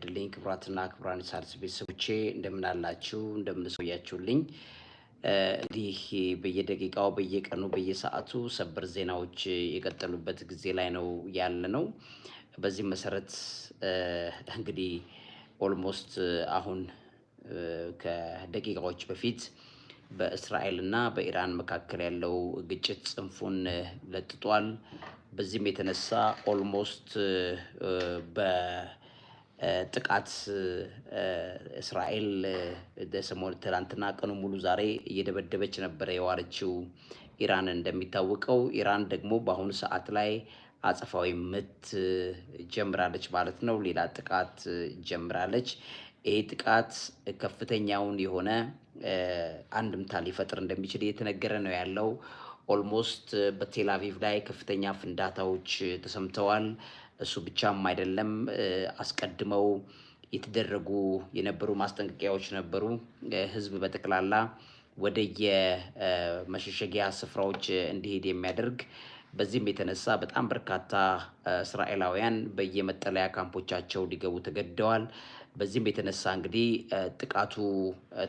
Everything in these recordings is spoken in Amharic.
ያድልኝ ክቡራትና ክቡራን ሣድስ ቤተሰቦቼ እንደምናላችሁ እንደምንሰውያችሁልኝ እንዲህ በየደቂቃው በየቀኑ በየሰዓቱ ሰበር ዜናዎች የቀጠሉበት ጊዜ ላይ ነው ያለ ነው። በዚህ መሰረት እንግዲህ ኦልሞስት አሁን ከደቂቃዎች በፊት በእስራኤል እና በኢራን መካከል ያለው ግጭት ጽንፉን ለጥጧል። በዚህም የተነሳ ኦልሞስት በ ጥቃት እስራኤል ሰሞኑን ትላንትና ቀኑ ሙሉ ዛሬ እየደበደበች ነበረ የዋለችው ኢራን። እንደሚታወቀው ኢራን ደግሞ በአሁኑ ሰዓት ላይ አጸፋዊ ምት ጀምራለች ማለት ነው። ሌላ ጥቃት ጀምራለች። ይህ ጥቃት ከፍተኛውን የሆነ አንድምታ ሊፈጥር እንደሚችል እየተነገረ ነው ያለው። ኦልሞስት በቴል አቪቭ ላይ ከፍተኛ ፍንዳታዎች ተሰምተዋል። እሱ ብቻም አይደለም፣ አስቀድመው የተደረጉ የነበሩ ማስጠንቀቂያዎች ነበሩ። ህዝብ በጠቅላላ ወደ የመሸሸጊያ ስፍራዎች እንዲሄድ የሚያደርግ በዚህም የተነሳ በጣም በርካታ እስራኤላውያን በየመጠለያ ካምፖቻቸው ሊገቡ ተገደዋል። በዚህም የተነሳ እንግዲህ ጥቃቱ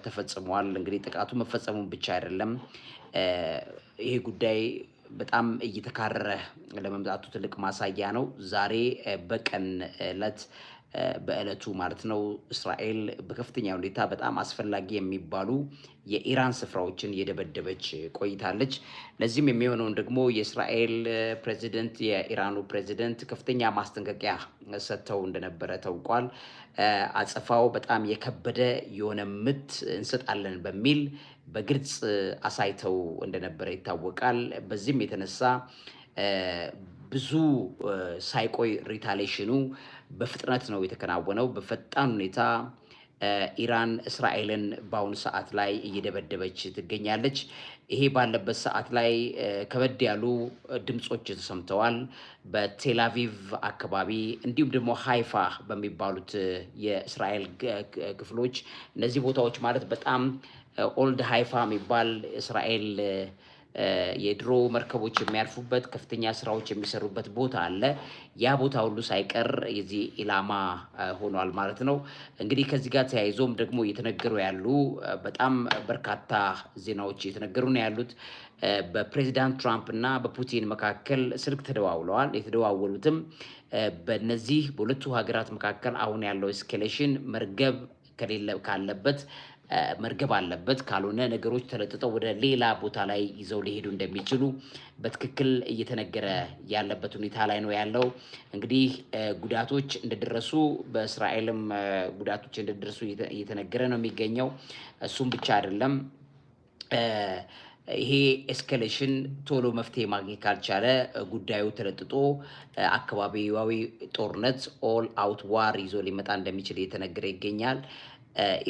ተፈጽሟል። እንግዲህ ጥቃቱ መፈጸሙን ብቻ አይደለም ይሄ ጉዳይ በጣም እየተካረረ ለመምጣቱ ትልቅ ማሳያ ነው። ዛሬ በቀን ዕለት በዕለቱ ማለት ነው እስራኤል በከፍተኛ ሁኔታ በጣም አስፈላጊ የሚባሉ የኢራን ስፍራዎችን እየደበደበች ቆይታለች። ለዚህም የሚሆነውን ደግሞ የእስራኤል ፕሬዚደንት የኢራኑ ፕሬዚደንት ከፍተኛ ማስጠንቀቂያ ሰጥተው እንደነበረ ታውቋል። አጸፋው በጣም የከበደ የሆነ ምት እንሰጣለን በሚል በግልጽ አሳይተው እንደነበረ ይታወቃል። በዚህም የተነሳ ብዙ ሳይቆይ ሪታሌሽኑ በፍጥነት ነው የተከናወነው። በፈጣን ሁኔታ ኢራን እስራኤልን በአሁኑ ሰዓት ላይ እየደበደበች ትገኛለች። ይሄ ባለበት ሰዓት ላይ ከበድ ያሉ ድምፆች ተሰምተዋል። በቴላቪቭ አካባቢ እንዲሁም ደግሞ ሃይፋ በሚባሉት የእስራኤል ክፍሎች እነዚህ ቦታዎች ማለት በጣም ኦልድ ሃይፋ የሚባል እስራኤል የድሮ መርከቦች የሚያርፉበት ከፍተኛ ስራዎች የሚሰሩበት ቦታ አለ። ያ ቦታ ሁሉ ሳይቀር የዚህ ኢላማ ሆኗል ማለት ነው። እንግዲህ ከዚህ ጋር ተያይዞም ደግሞ እየተነገሩ ያሉ በጣም በርካታ ዜናዎች እየተነገሩ ነው ያሉት። በፕሬዚዳንት ትራምፕ እና በፑቲን መካከል ስልክ ተደዋውለዋል። የተደዋወሉትም በነዚህ በሁለቱ ሀገራት መካከል አሁን ያለው ኤስኬሌሽን መርገብ ከሌለ ካለበት መርገብ አለበት። ካልሆነ ነገሮች ተለጥጠው ወደ ሌላ ቦታ ላይ ይዘው ሊሄዱ እንደሚችሉ በትክክል እየተነገረ ያለበት ሁኔታ ላይ ነው ያለው። እንግዲህ ጉዳቶች እንደደረሱ በእስራኤልም ጉዳቶች እንደደረሱ እየተነገረ ነው የሚገኘው። እሱም ብቻ አይደለም ይሄ ኤስካሌሽን ቶሎ መፍትሄ ማግኘት ካልቻለ ጉዳዩ ተለጥጦ አካባቢዊ ጦርነት ኦል አውት ዋር ይዞ ሊመጣ እንደሚችል እየተነገረ ይገኛል።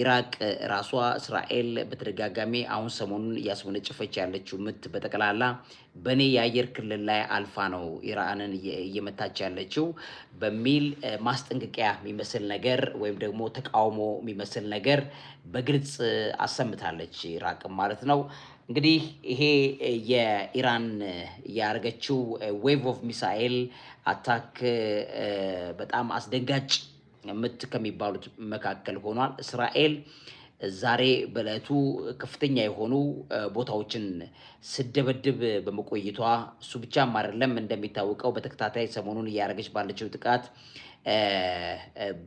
ኢራቅ ራሷ እስራኤል በተደጋጋሚ አሁን ሰሞኑን እያስወነጨፈች ያለችው ምት በጠቅላላ በእኔ የአየር ክልል ላይ አልፋ ነው ኢራንን እየመታች ያለችው በሚል ማስጠንቀቂያ የሚመስል ነገር ወይም ደግሞ ተቃውሞ የሚመስል ነገር በግልጽ አሰምታለች። ኢራቅም ማለት ነው እንግዲህ ይሄ የኢራን ያደረገችው ዌቭ ኦፍ ሚሳኤል አታክ በጣም አስደንጋጭ ምት ከሚባሉት መካከል ሆኗል። እስራኤል ዛሬ በዕለቱ ከፍተኛ የሆኑ ቦታዎችን ስደበድብ በመቆይቷ እሱ ብቻም አይደለም። እንደሚታወቀው በተከታታይ ሰሞኑን እያደረገች ባለችው ጥቃት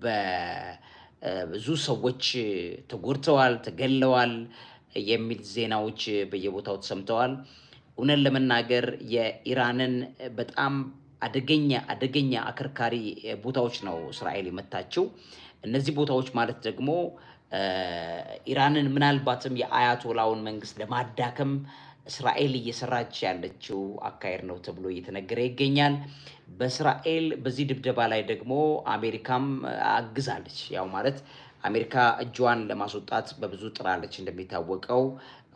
በብዙ ሰዎች ተጎድተዋል፣ ተገለዋል የሚል ዜናዎች በየቦታው ተሰምተዋል። እውነን ለመናገር የኢራንን በጣም አደገኛ አደገኛ አከርካሪ ቦታዎች ነው እስራኤል የመታችው። እነዚህ ቦታዎች ማለት ደግሞ ኢራንን ምናልባትም የአያቶላውን መንግስት ለማዳከም እስራኤል እየሰራች ያለችው አካሄድ ነው ተብሎ እየተነገረ ይገኛል። በእስራኤል በዚህ ድብደባ ላይ ደግሞ አሜሪካም አግዛለች። ያው ማለት አሜሪካ እጇን ለማስወጣት በብዙ ጥራለች። እንደሚታወቀው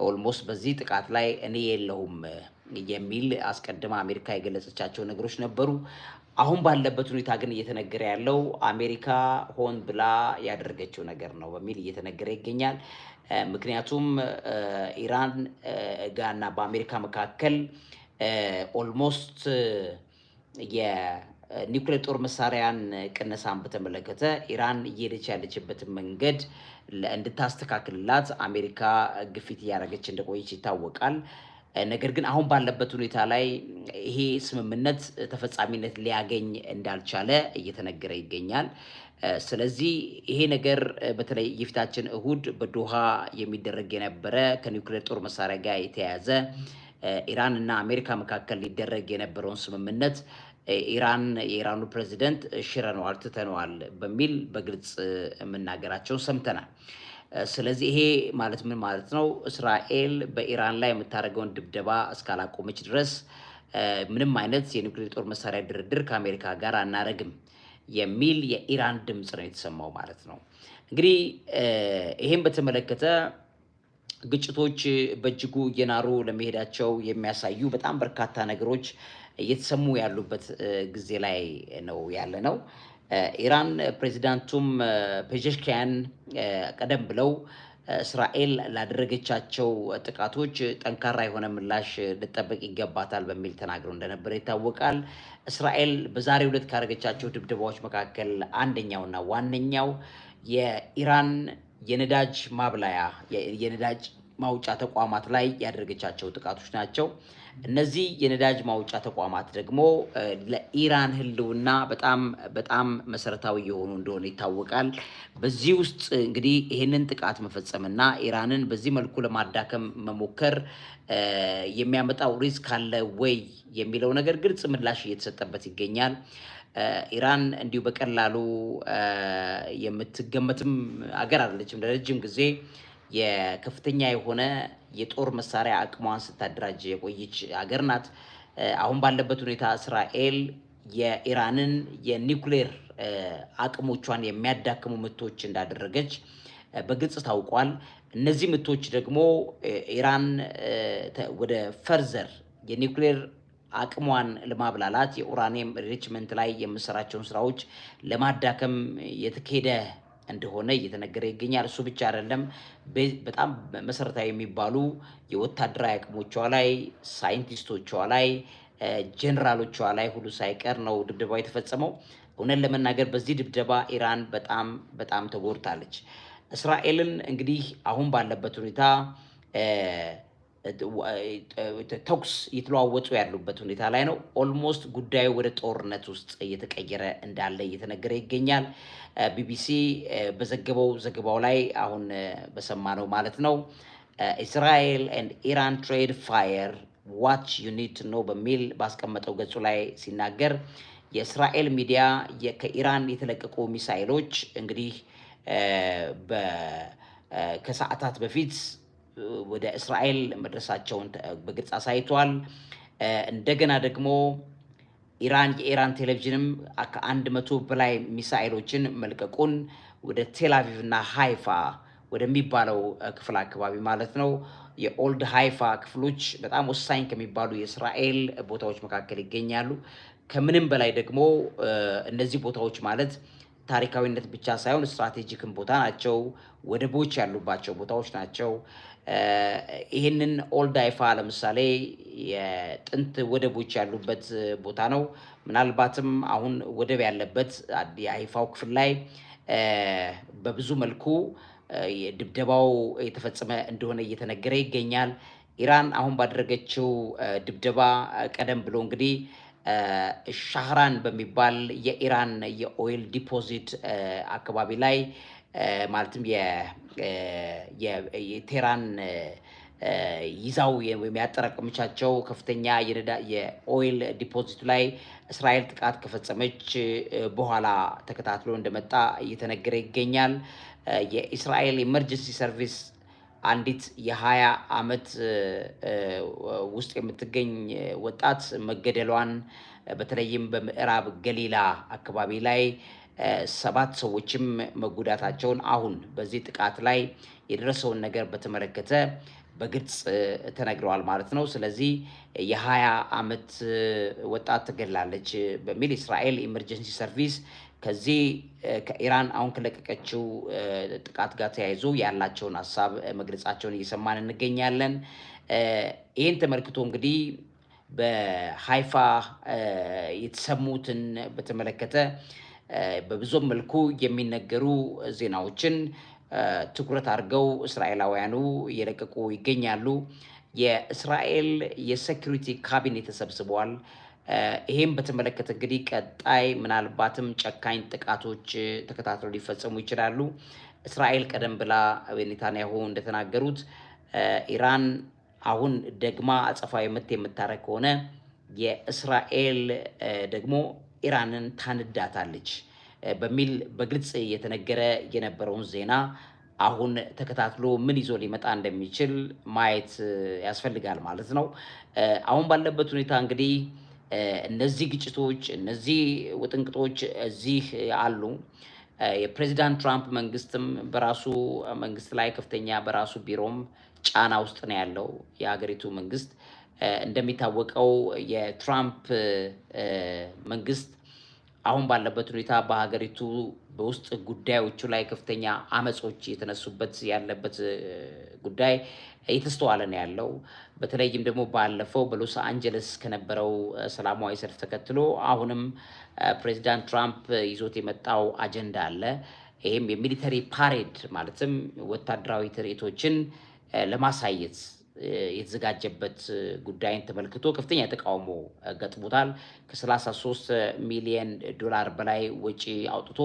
ኦልሞስት በዚህ ጥቃት ላይ እኔ የለሁም የሚል አስቀድማ አሜሪካ የገለጸቻቸው ነገሮች ነበሩ። አሁን ባለበት ሁኔታ ግን እየተነገረ ያለው አሜሪካ ሆን ብላ ያደረገችው ነገር ነው በሚል እየተነገረ ይገኛል። ምክንያቱም ኢራን ጋና በአሜሪካ መካከል ኦልሞስት የኒውክሌር ጦር መሳሪያን ቅነሳን በተመለከተ ኢራን እየሄደች ያለችበት መንገድ እንድታስተካክልላት አሜሪካ ግፊት እያደረገች እንደቆየች ይታወቃል። ነገር ግን አሁን ባለበት ሁኔታ ላይ ይሄ ስምምነት ተፈጻሚነት ሊያገኝ እንዳልቻለ እየተነገረ ይገኛል። ስለዚህ ይሄ ነገር በተለይ የፊታችን እሁድ በዶሃ የሚደረግ የነበረ ከኒውክሌር ጦር መሳሪያ ጋር የተያያዘ ኢራን እና አሜሪካ መካከል ሊደረግ የነበረውን ስምምነት ኢራን የኢራኑ ፕሬዚደንት ሽረነዋል፣ ትተነዋል በሚል በግልጽ መናገራቸውን ሰምተናል። ስለዚህ ይሄ ማለት ምን ማለት ነው? እስራኤል በኢራን ላይ የምታደርገውን ድብደባ እስካላቆመች ድረስ ምንም አይነት የኒውክሌር ጦር መሳሪያ ድርድር ከአሜሪካ ጋር አናረግም የሚል የኢራን ድምፅ ነው የተሰማው ማለት ነው። እንግዲህ ይህም በተመለከተ ግጭቶች በእጅጉ እየናሩ ለመሄዳቸው የሚያሳዩ በጣም በርካታ ነገሮች እየተሰሙ ያሉበት ጊዜ ላይ ነው ያለ ነው። ኢራን ፕሬዚዳንቱም ፔጀሽኪያን ቀደም ብለው እስራኤል ላደረገቻቸው ጥቃቶች ጠንካራ የሆነ ምላሽ ልጠበቅ ይገባታል በሚል ተናግረው እንደነበረ ይታወቃል። እስራኤል በዛሬው ዕለት ካደረገቻቸው ድብደባዎች መካከል አንደኛውና ዋነኛው የኢራን የነዳጅ ማብላያ የነዳጅ ማውጫ ተቋማት ላይ ያደረገቻቸው ጥቃቶች ናቸው። እነዚህ የነዳጅ ማውጫ ተቋማት ደግሞ ለኢራን ህልውና በጣም በጣም መሰረታዊ የሆኑ እንደሆነ ይታወቃል። በዚህ ውስጥ እንግዲህ ይህንን ጥቃት መፈጸምና ኢራንን በዚህ መልኩ ለማዳከም መሞከር የሚያመጣው ሪስክ አለ ወይ የሚለው ነገር ግልጽ ምላሽ እየተሰጠበት ይገኛል። ኢራን እንዲሁ በቀላሉ የምትገመትም አገር አይደለችም። ለረጅም ጊዜ የከፍተኛ የሆነ የጦር መሳሪያ አቅሟን ስታደራጅ የቆየች ሀገር ናት። አሁን ባለበት ሁኔታ እስራኤል የኢራንን የኒውክሌር አቅሞቿን የሚያዳክሙ ምቶች እንዳደረገች በግልጽ ታውቋል። እነዚህ ምቶች ደግሞ ኢራን ወደ ፈርዘር የኒውክሌር አቅሟን ለማብላላት የኡራኒየም ሪችመንት ላይ የምሰራቸውን ስራዎች ለማዳከም የተካሄደ እንደሆነ እየተነገረ ይገኛል። እሱ ብቻ አይደለም። በጣም መሰረታዊ የሚባሉ የወታደራዊ አቅሞቿ ላይ፣ ሳይንቲስቶቿ ላይ፣ ጀኔራሎቿ ላይ ሁሉ ሳይቀር ነው ድብደባው የተፈጸመው። እውነት ለመናገር በዚህ ድብደባ ኢራን በጣም በጣም ተጎድታለች። እስራኤልን እንግዲህ አሁን ባለበት ሁኔታ ተኩስ እየተለዋወጡ ያሉበት ሁኔታ ላይ ነው። ኦልሞስት ጉዳዩ ወደ ጦርነት ውስጥ እየተቀየረ እንዳለ እየተነገረ ይገኛል። ቢቢሲ በዘገበው ዘገባው ላይ አሁን በሰማነው ማለት ነው እስራኤል ኤንድ ኢራን ትሬድ ፋየር ዋች ዩኒት ነው በሚል ባስቀመጠው ገጹ ላይ ሲናገር የእስራኤል ሚዲያ ከኢራን የተለቀቁ ሚሳይሎች እንግዲህ ከሰዓታት በፊት ወደ እስራኤል መድረሳቸውን በግልጽ አሳይቷል። እንደገና ደግሞ ኢራን የኢራን ቴሌቪዥንም ከአንድ መቶ በላይ ሚሳኤሎችን መልቀቁን ወደ ቴላቪቭ እና ሃይፋ ወደሚባለው ክፍል አካባቢ ማለት ነው። የኦልድ ሃይፋ ክፍሎች በጣም ወሳኝ ከሚባሉ የእስራኤል ቦታዎች መካከል ይገኛሉ። ከምንም በላይ ደግሞ እነዚህ ቦታዎች ማለት ታሪካዊነት ብቻ ሳይሆን ስትራቴጂክን ቦታ ናቸው። ወደቦች ያሉባቸው ቦታዎች ናቸው። ይህንን ኦልድ አይፋ ለምሳሌ የጥንት ወደቦች ያሉበት ቦታ ነው። ምናልባትም አሁን ወደብ ያለበት የአይፋው ክፍል ላይ በብዙ መልኩ ድብደባው የተፈጸመ እንደሆነ እየተነገረ ይገኛል። ኢራን አሁን ባደረገችው ድብደባ ቀደም ብሎ እንግዲህ ሻህራን በሚባል የኢራን የኦይል ዲፖዚት አካባቢ ላይ Eh, ማለትም የቴራን eh, ይዛው የሚያጠራቅምቻቸው ከፍተኛ የኦይል ዲፖዚቱ ላይ እስራኤል ጥቃት ከፈጸመች eh, በኋላ ተከታትሎ እንደመጣ እየተነገረ ይገኛል። የእስራኤል ኢመርጀንሲ ሰርቪስ አንዲት የሀያ ዓመት ውስጥ የምትገኝ ወጣት መገደሏን በተለይም በምዕራብ ገሊላ አካባቢ ላይ ሰባት ሰዎችም መጎዳታቸውን አሁን በዚህ ጥቃት ላይ የደረሰውን ነገር በተመለከተ በግልጽ ተነግረዋል ማለት ነው። ስለዚህ የሀያ ዓመት ወጣት ትገድላለች በሚል እስራኤል ኢመርጀንሲ ሰርቪስ ከዚህ ከኢራን አሁን ከለቀቀችው ጥቃት ጋር ተያይዞ ያላቸውን ሀሳብ መግለጻቸውን እየሰማን እንገኛለን። ይህን ተመልክቶ እንግዲህ በሀይፋ የተሰሙትን በተመለከተ በብዙም መልኩ የሚነገሩ ዜናዎችን ትኩረት አድርገው እስራኤላውያኑ እየለቀቁ ይገኛሉ። የእስራኤል የሴኩሪቲ ካቢኔት ተሰብስበዋል። ይህም በተመለከተ እንግዲህ ቀጣይ ምናልባትም ጨካኝ ጥቃቶች ተከታትለው ሊፈጸሙ ይችላሉ። እስራኤል ቀደም ብላ ኔታንያሁ እንደተናገሩት ኢራን አሁን ደግማ አጸፋዊ ምት የምታረግ ከሆነ የእስራኤል ደግሞ ኢራንን ታንዳታለች በሚል በግልጽ የተነገረ የነበረውን ዜና አሁን ተከታትሎ ምን ይዞ ሊመጣ እንደሚችል ማየት ያስፈልጋል ማለት ነው። አሁን ባለበት ሁኔታ እንግዲህ እነዚህ ግጭቶች፣ እነዚህ ውጥንቅጦች እዚህ አሉ። የፕሬዚዳንት ትራምፕ መንግስትም በራሱ መንግስት ላይ ከፍተኛ በራሱ ቢሮም ጫና ውስጥ ነው ያለው የሀገሪቱ መንግስት እንደሚታወቀው የትራምፕ መንግስት አሁን ባለበት ሁኔታ በሀገሪቱ በውስጥ ጉዳዮቹ ላይ ከፍተኛ አመጾች የተነሱበት ያለበት ጉዳይ እየተስተዋለ ነው ያለው። በተለይም ደግሞ ባለፈው በሎስ አንጀለስ ከነበረው ሰላማዊ ሰልፍ ተከትሎ አሁንም ፕሬዚዳንት ትራምፕ ይዞት የመጣው አጀንዳ አለ። ይህም የሚሊተሪ ፓሬድ ማለትም ወታደራዊ ትርኢቶችን ለማሳየት የተዘጋጀበት ጉዳይን ተመልክቶ ከፍተኛ ተቃውሞ ገጥሞታል። ከ33 ሚሊየን ዶላር በላይ ወጪ አውጥቶ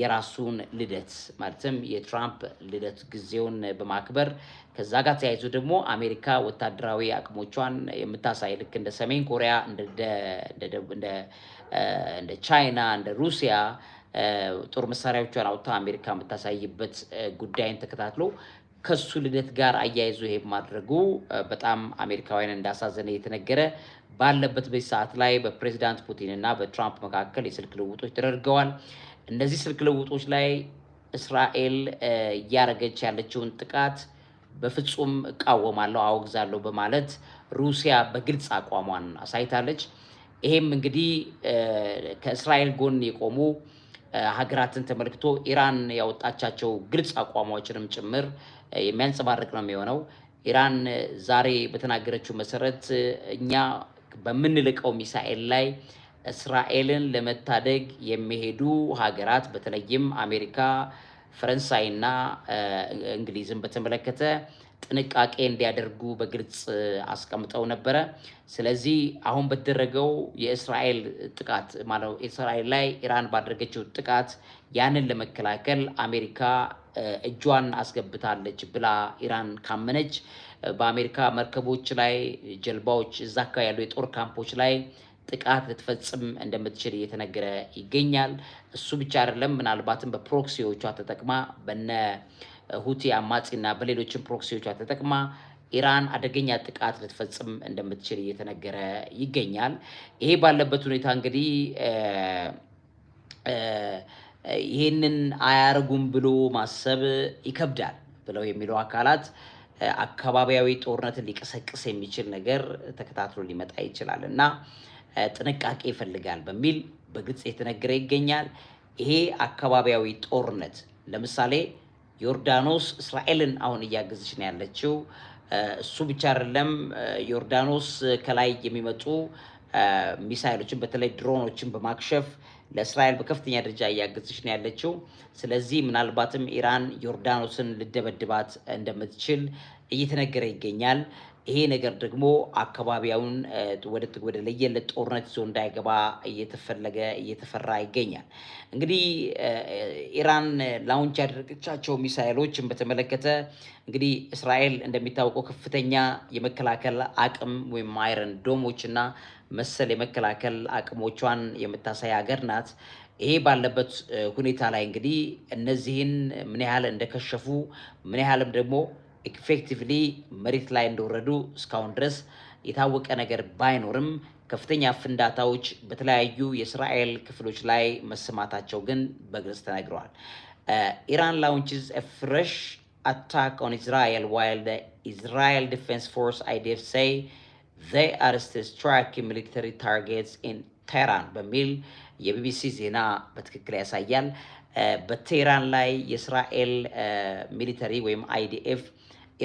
የራሱን ልደት ማለትም የትራምፕ ልደት ጊዜውን በማክበር ከዛ ጋር ተያይዞ ደግሞ አሜሪካ ወታደራዊ አቅሞቿን የምታሳይ ልክ እንደ ሰሜን ኮሪያ፣ እንደ ቻይና፣ እንደ ሩሲያ ጦር መሳሪያዎቿን አውጥታ አሜሪካ የምታሳይበት ጉዳይን ተከታትሎ ከሱ ልደት ጋር አያይዞ ይሄ ማድረጉ በጣም አሜሪካውያን እንዳሳዘነ እየተነገረ ባለበት በዚህ ሰዓት ላይ በፕሬዚዳንት ፑቲን እና በትራምፕ መካከል የስልክ ልውጦች ተደርገዋል። እነዚህ ስልክ ልውጦች ላይ እስራኤል እያደረገች ያለችውን ጥቃት በፍጹም እቃወማለሁ፣ አወግዛለሁ በማለት ሩሲያ በግልጽ አቋሟን አሳይታለች። ይሄም እንግዲህ ከእስራኤል ጎን የቆሙ ሀገራትን ተመልክቶ ኢራን ያወጣቻቸው ግልጽ አቋሟችንም ጭምር የሚያንጸባርቅ ነው የሚሆነው። ኢራን ዛሬ በተናገረችው መሰረት እኛ በምንልቀው ሚሳኤል ላይ እስራኤልን ለመታደግ የሚሄዱ ሀገራት በተለይም አሜሪካ፣ ፈረንሳይና እንግሊዝን በተመለከተ ጥንቃቄ እንዲያደርጉ በግልጽ አስቀምጠው ነበረ። ስለዚህ አሁን በተደረገው የእስራኤል ጥቃት ማለት እስራኤል ላይ ኢራን ባደረገችው ጥቃት ያንን ለመከላከል አሜሪካ እጇን አስገብታለች ብላ ኢራን ካመነች በአሜሪካ መርከቦች ላይ፣ ጀልባዎች፣ እዛ አካባቢ ያሉ የጦር ካምፖች ላይ ጥቃት ልትፈጽም እንደምትችል እየተነገረ ይገኛል። እሱ ብቻ አይደለም፣ ምናልባትም በፕሮክሲዎቿ ተጠቅማ በነ ሁቲ አማጺና በሌሎችም ፕሮክሲዎቿ ተጠቅማ ኢራን አደገኛ ጥቃት ልትፈጽም እንደምትችል እየተነገረ ይገኛል። ይሄ ባለበት ሁኔታ እንግዲህ ይህንን አያርጉም ብሎ ማሰብ ይከብዳል ብለው የሚለው አካላት አካባቢያዊ ጦርነትን ሊቀሰቅስ የሚችል ነገር ተከታትሎ ሊመጣ ይችላል እና ጥንቃቄ ይፈልጋል በሚል በግልጽ የተነገረ ይገኛል። ይሄ አካባቢያዊ ጦርነት ለምሳሌ ዮርዳኖስ እስራኤልን አሁን እያገዘች ነው ያለችው። እሱ ብቻ አይደለም። ዮርዳኖስ ከላይ የሚመጡ ሚሳይሎችን በተለይ ድሮኖችን በማክሸፍ ለእስራኤል በከፍተኛ ደረጃ እያገዘች ነው ያለችው። ስለዚህ ምናልባትም ኢራን ዮርዳኖስን ልደበድባት እንደምትችል እየተነገረ ይገኛል። ይሄ ነገር ደግሞ አካባቢያውን ወደ ለየለት ጦርነት ይዞ እንዳይገባ እየተፈለገ እየተፈራ ይገኛል። እንግዲህ ኢራን ላውንች ያደረገቻቸው ሚሳይሎችን በተመለከተ እንግዲህ እስራኤል እንደሚታወቀው ከፍተኛ የመከላከል አቅም ወይም አይረን ዶሞች እና መሰል የመከላከል አቅሞቿን የምታሳይ ሀገር ናት። ይሄ ባለበት ሁኔታ ላይ እንግዲህ እነዚህን ምን ያህል እንደከሸፉ ምን ያህልም ደግሞ ኢፌክቲቭሊ መሬት ላይ እንደወረዱ እስካሁን ድረስ የታወቀ ነገር ባይኖርም ከፍተኛ ፍንዳታዎች በተለያዩ የእስራኤል ክፍሎች ላይ መሰማታቸው ግን በግልጽ ተነግረዋል። ኢራን ላውንችስ ፍረሽ አታክ ኦን ኢስራኤል ዋይል ኢስራኤል ዲፌንስ ፎርስ አይዲኤፍ ሳይ ዘይ አር ስቲል ስትራይኪንግ ሚሊተሪ ታርጌትስ ኢን ቴራን በሚል የቢቢሲ ዜና በትክክል ያሳያል። በቴራን ላይ የእስራኤል ሚሊተሪ ወይም አይዲኤፍ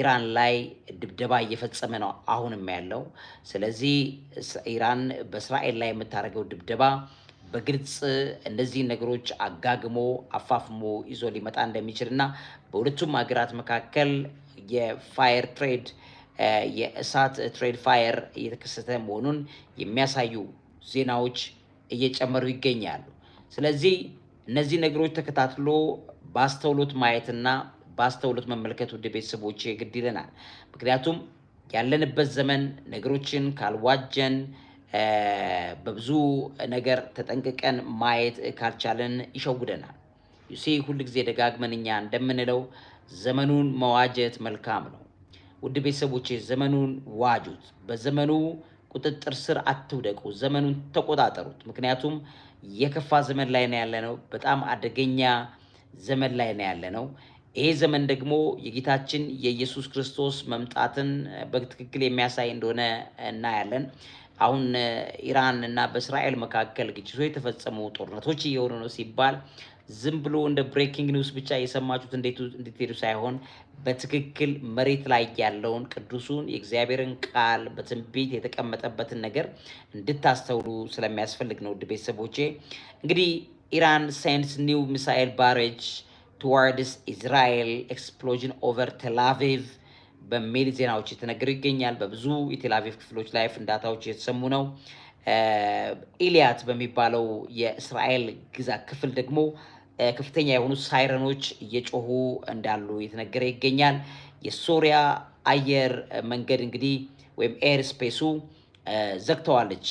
ኢራን ላይ ድብደባ እየፈጸመ ነው አሁንም ያለው። ስለዚህ ኢራን በእስራኤል ላይ የምታደርገው ድብደባ በግልጽ እነዚህ ነገሮች አጋግሞ አፋፍሞ ይዞ ሊመጣ እንደሚችል እና በሁለቱም ሀገራት መካከል የፋየር ትሬድ የእሳት ትሬድ ፋየር እየተከሰተ መሆኑን የሚያሳዩ ዜናዎች እየጨመሩ ይገኛሉ። ስለዚህ እነዚህ ነገሮች ተከታትሎ በአስተውሎት ማየትና በአስተውሎት መመልከት ወደ ቤተሰቦች ግድ ይለናል። ምክንያቱም ያለንበት ዘመን ነገሮችን ካልዋጀን በብዙ ነገር ተጠንቅቀን ማየት ካልቻለን ይሸውደናል። ዩሴ ሁልጊዜ ደጋግመን እኛ እንደምንለው ዘመኑን መዋጀት መልካም ነው። ውድ ቤተሰቦቼ ዘመኑን ዋጁት። በዘመኑ ቁጥጥር ስር አትውደቁ። ዘመኑን ተቆጣጠሩት። ምክንያቱም የከፋ ዘመን ላይ ነው ነው በጣም አደገኛ ዘመን ላይ ነው ያለ ነው። ይሄ ዘመን ደግሞ የጌታችን የኢየሱስ ክርስቶስ መምጣትን በትክክል የሚያሳይ እንደሆነ እናያለን። አሁን ኢራን እና በእስራኤል መካከል ግጭቶች የተፈጸሙ ጦርነቶች እየሆኑ ነው ሲባል ዝም ብሎ እንደ ብሬኪንግ ኒውስ ብቻ የሰማችሁት እንድትሄዱ ሳይሆን በትክክል መሬት ላይ ያለውን ቅዱሱን የእግዚአብሔርን ቃል በትንቢት የተቀመጠበትን ነገር እንድታስተውሉ ስለሚያስፈልግ ነው። ውድ ቤተሰቦቼ እንግዲህ ኢራን ሴንድስ ኒው ሚሳኤል ባሬጅ ቱዋርድስ ኢዝራኤል ኤክስፕሎዥን ኦቨር ቴላቪቭ በሚል ዜናዎች የተነገሩ ይገኛል። በብዙ የቴላቪቭ ክፍሎች ላይ ፍንዳታዎች የተሰሙ ነው። ኢሊያት በሚባለው የእስራኤል ግዛት ክፍል ደግሞ ከፍተኛ የሆኑ ሳይረኖች እየጮሁ እንዳሉ የተነገረ ይገኛል። የሶሪያ አየር መንገድ እንግዲህ ወይም ኤር ስፔሱ ዘግተዋለች።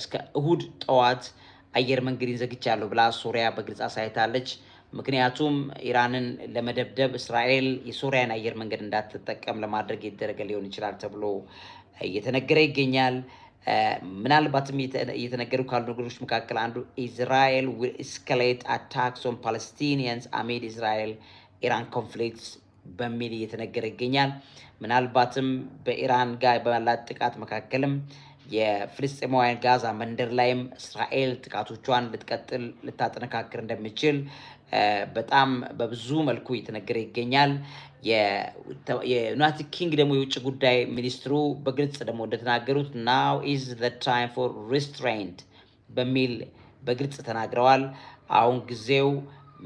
እስከ እሁድ ጠዋት አየር መንገድን ዘግቻለሁ ብላ ሶሪያ በግልጽ አሳይታለች። ምክንያቱም ኢራንን ለመደብደብ እስራኤል የሶሪያን አየር መንገድ እንዳትጠቀም ለማድረግ የተደረገ ሊሆን ይችላል ተብሎ እየተነገረ ይገኛል። ምናልባትም እየተነገሩ ካሉ ነገሮች መካከል አንዱ ኢዝራኤል ዊል ኤስካሌት አታክስ ኦን ፓለስቲኒያንስ አሜድ ኢዝራኤል ኢራን ኮንፍሊክት በሚል እየተነገረ ይገኛል። ምናልባትም በኢራን ጋር በመላት ጥቃት መካከልም የፍልስጤማውያን ጋዛ መንደር ላይም እስራኤል ጥቃቶቿን ልትቀጥል ልታጠነካክር እንደሚችል በጣም በብዙ መልኩ እየተነገረ ይገኛል። የዩናይትድ ኪንግ ደግሞ የውጭ ጉዳይ ሚኒስትሩ በግልጽ ደግሞ እንደተናገሩት ናው ኢዝ ዘ ታይም ፎር ሪስትሬንት በሚል በግልጽ ተናግረዋል። አሁን ጊዜው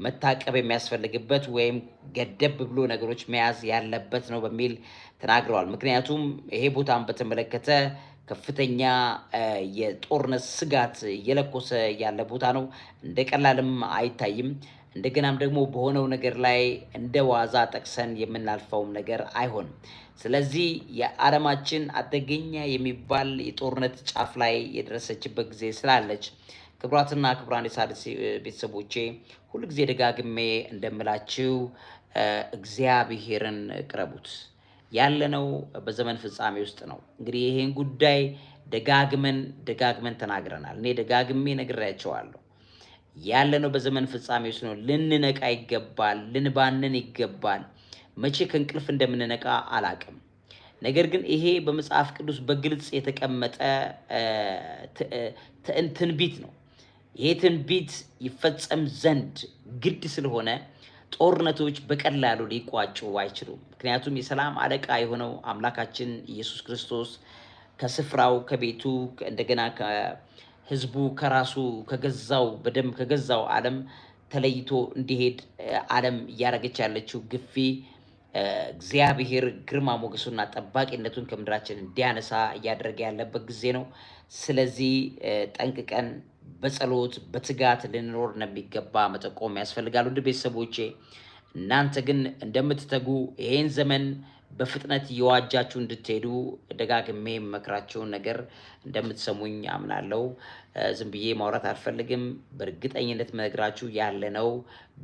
መታቀብ የሚያስፈልግበት ወይም ገደብ ብሎ ነገሮች መያዝ ያለበት ነው በሚል ተናግረዋል። ምክንያቱም ይሄ ቦታን በተመለከተ ከፍተኛ የጦርነት ስጋት እየለኮሰ ያለ ቦታ ነው። እንደ ቀላልም አይታይም። እንደገናም ደግሞ በሆነው ነገር ላይ እንደ ዋዛ ጠቅሰን የምናልፈውም ነገር አይሆንም። ስለዚህ የዓለማችን አደገኛ የሚባል የጦርነት ጫፍ ላይ የደረሰችበት ጊዜ ስላለች ክቡራትና ክቡራን የሣድስ ቤተሰቦቼ ሁልጊዜ ደጋግሜ እንደምላችው እግዚአብሔርን ቅረቡት። ያለነው በዘመን ፍጻሜ ውስጥ ነው። እንግዲህ ይህን ጉዳይ ደጋግመን ደጋግመን ተናግረናል። እኔ ደጋግሜ ነግሬያቸዋለሁ። ያለነው በዘመን ፍጻሜ ውስጥ ነው። ልንነቃ ይገባል። ልንባንን ይገባል። መቼ ከእንቅልፍ እንደምንነቃ አላቅም። ነገር ግን ይሄ በመጽሐፍ ቅዱስ በግልጽ የተቀመጠ ትንቢት ነው። ይሄ ትንቢት ይፈጸም ዘንድ ግድ ስለሆነ ጦርነቶች በቀላሉ ሊቋጩ አይችሉም። ምክንያቱም የሰላም አለቃ የሆነው አምላካችን ኢየሱስ ክርስቶስ ከስፍራው ከቤቱ እንደገና ህዝቡ ከራሱ ከገዛው በደንብ ከገዛው ዓለም ተለይቶ እንዲሄድ ዓለም እያደረገች ያለችው ግፊ እግዚአብሔር ግርማ ሞገሱና ጠባቂነቱን ከምድራችን እንዲያነሳ እያደረገ ያለበት ጊዜ ነው። ስለዚህ ጠንቅቀን በጸሎት በትጋት ልንኖር ነው የሚገባ መጠቆም ያስፈልጋሉ ውድ ቤተሰቦቼ እናንተ ግን እንደምትተጉ ይሄን ዘመን በፍጥነት እየዋጃችሁ እንድትሄዱ ደጋግሜ የምመክራችሁን ነገር እንደምትሰሙኝ አምናለሁ። ዝም ብዬ ማውራት አልፈልግም። በእርግጠኝነት መነግራችሁ ያለነው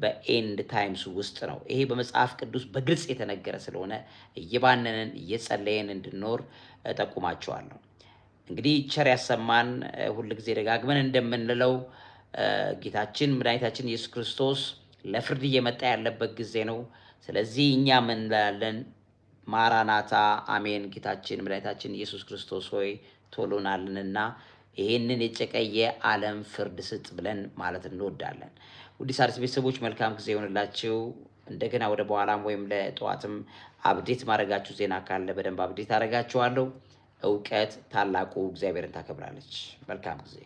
በኤንድ ታይምስ ውስጥ ነው። ይሄ በመጽሐፍ ቅዱስ በግልጽ የተነገረ ስለሆነ እየባነንን እየጸለየን እንድኖር ጠቁማቸዋለሁ። እንግዲህ ቸር ያሰማን። ሁልጊዜ ደጋግመን እንደምንለው ጌታችን መድኃኒታችን ኢየሱስ ክርስቶስ ለፍርድ እየመጣ ያለበት ጊዜ ነው። ስለዚህ እኛ ምን እንላለን? ማራናታ አሜን፣ ጌታችን መድኃኒታችን ኢየሱስ ክርስቶስ ሆይ ቶሎናልንና ይህንን የጨቀየ ዓለም ፍርድ ስጥ ብለን ማለት እንወዳለን። ውድ ሣድስ ቤተሰቦች መልካም ጊዜ ይሆንላችሁ። እንደገና ወደ በኋላም ወይም ለጠዋትም አብዴት ማድረጋችሁ ዜና ካለ በደንብ አብዴት አደርጋችኋለሁ። እውቀት ታላቁ እግዚአብሔርን ታከብራለች። መልካም ጊዜ